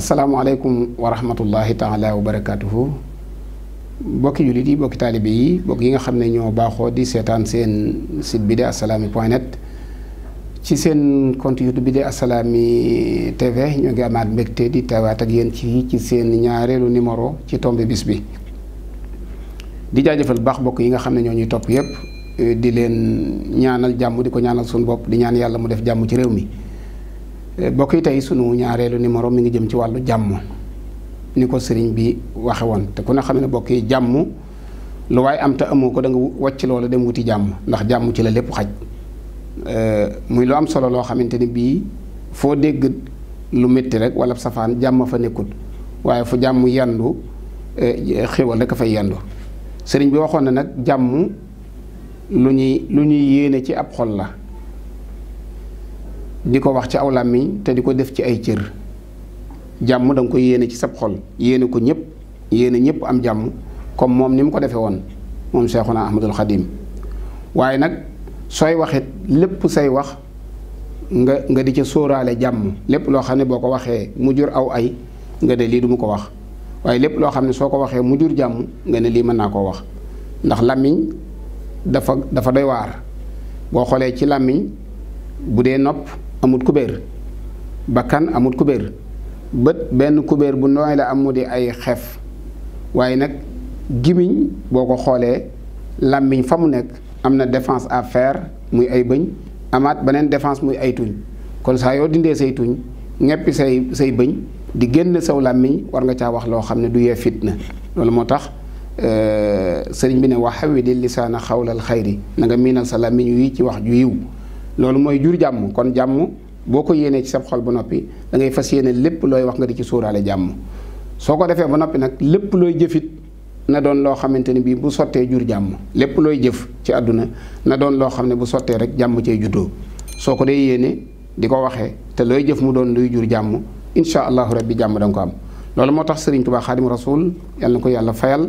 asalaamualeykum wa rahmatullahi taala wa barakaatuhu bokki jullit yi bokki taalibe yi bokk yi nga xam ne ñoo baaxoo di seetaan seen sit bi de asalaami point net ci seen compte youtube bi de asalaami tv ñoo ngi amaat mbégte di teewaat ak yéen ci ci seen ñaareelu numéro ci tombe bis bi di jaajëfal baax bokk yi nga xam ne ñoo ñuy topp yépp di leen ñaanal jàmm di ko ñaanal suñu bopp di ñaan yàlla mu def jàmm ci réew mi mbokk yi tey sunu ñaareelu numéro mi ngi jëm ci wàllu jàmm ni ko sëriñ bi waxe woon te ku ne xam ne mbokk yi jàmm lu waaye am te amoo ko da nga wàcc loola dem wuti jàmm ndax jàmm ci la lépp xaj euh, muy lu am solo loo xamante ni bii foo dégg lu métti rek wala safaan jàmm fa nekkut waaye fu jàmm yandu euh, xéwal rek a fay yandu sëriñ bi waxoon na nag jàmm lu ñuy lu ñuy yéene ci ab xol la di ko wax ci aw làmmiñ te di ko def ci ay cër jàmm danga nga koy yéene ci sab xol yéene ko ñëpp yéene ñëpp am jàmm comme moom ni mu ko defee woon moom Seexuna Ahmadul Xadim waaye nag sooy waxit lépp say wax nga nga di ca sóoraale jàmm lépp loo xam ne boo ko waxee mu jur aw ay nga lii du ko wax waaye lépp loo xam ne soo ko waxee mu jur jàmm nga ne lii mën naa koo wax ndax làmmiñ dafa dafa doy waar boo xoolee ci làmmiñ bu dee nopp amut kubéer bakkan amut kubéer bët benn kubéer bu nooy la am mu di ay xef waaye nag gimiñ boo ko xoolee làmmiñ fa mu nekk am na défense à faire muy ay bëñ amaat beneen défense muy ay tuñ kon saa yoo dindee say tuñ ñeppi say say bëñ di génn saw làmmiñ war nga caa wax loo xam ne du yee fitna loolu moo tax euh, sëriñ bi ne waxawi di lisaana xawlal xayri na nga miinal sa làmmiñ wi ci wax ju yiw loolu mooy jur jàmm kon jàmm boo ko yéenee ci sa xol ba noppi da ngay fas yéene lépp looy wax nga di ci sooraale jàmm soo ko defee ba noppi nag lépp looy jëfit na doon loo xamante ni bii bu sottee jur jàmm lépp looy jëf ci àdduna na doon loo xam ne bu sottee rek jàmm cay juddoo soo ko dee yéene di ko waxee te looy jëf mu doon luy jur jàmm incha allahu rabbi jàmm da ko am loolu moo tax Serigne Touba Xaadim Rasul yàlla na ko yàlla fayal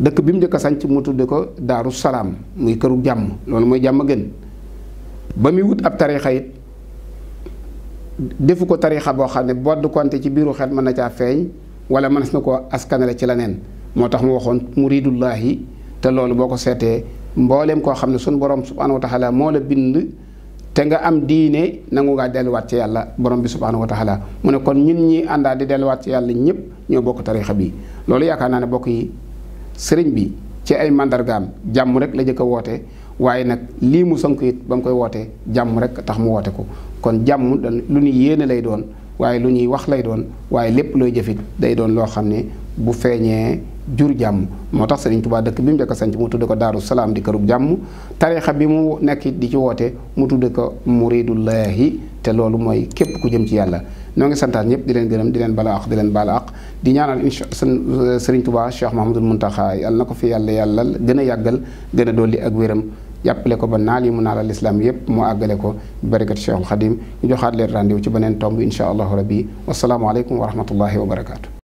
dëkk bi mu njëkk a sanc ko Daaru Salaam muy këru jàmm loolu mooy jàmm gën ba muy wut ab tariixa it defu ko tariixa boo xam ne bodd konte ci biiru xet mën na caa feeñ wala mënees na koo askanale ci leneen moo tax mu waxoon muridullahi te loolu boo ko seetee mbooleem koo xam ne sunu borom subhaanahu wa taala moo la bind te nga am diine nangu ngaa delluwaat ci yàlla borom bi subhaanahu wa taala mu ne kon ñun ñi àndaa di delluwaat ci yàlla ñëpp ñoo bokk tariixa bi loolu yaakaar naa ne bokk yi sëriñ bi ci ay màndargaam jàmm rek la jëkk a woote waaye nag lii mu sank it ba mu koy wootee jàmm rek tax mu woote ko kon jàmm lu ñuy yéene lay doon waaye lu ñuy wax lay doon waaye lépp looy jëfit day doon loo xam ne bu feeñee jur jàmm moo tax Serigne Touba dëkk bi mu njëkk a sanc mu ko Daaru Salaam di kërug jàmm tariixa bi mu nekk di ci woote mu tudde ko Muridullahi te loolu mooy képp ku jëm ci yàlla ñoo ngi santaat ñëpp di leen gërëm di leen bala aq di leen bala aq di ñaanal incha Serigne Touba Cheikh Mahamadul Muntaxa yàlla na ko fi yàlla yàllal gën a yàggal gën a dolli ak wéram yàppale ko ba naal yi mu naa al islam yëpp moo àggale ko barikat Cheikhul Xadim ñu joxaat leen rendez-vous ci beneen tomb incha allahu rabbi wasalaamualeykum wa rahmatullahi wa barakaatu.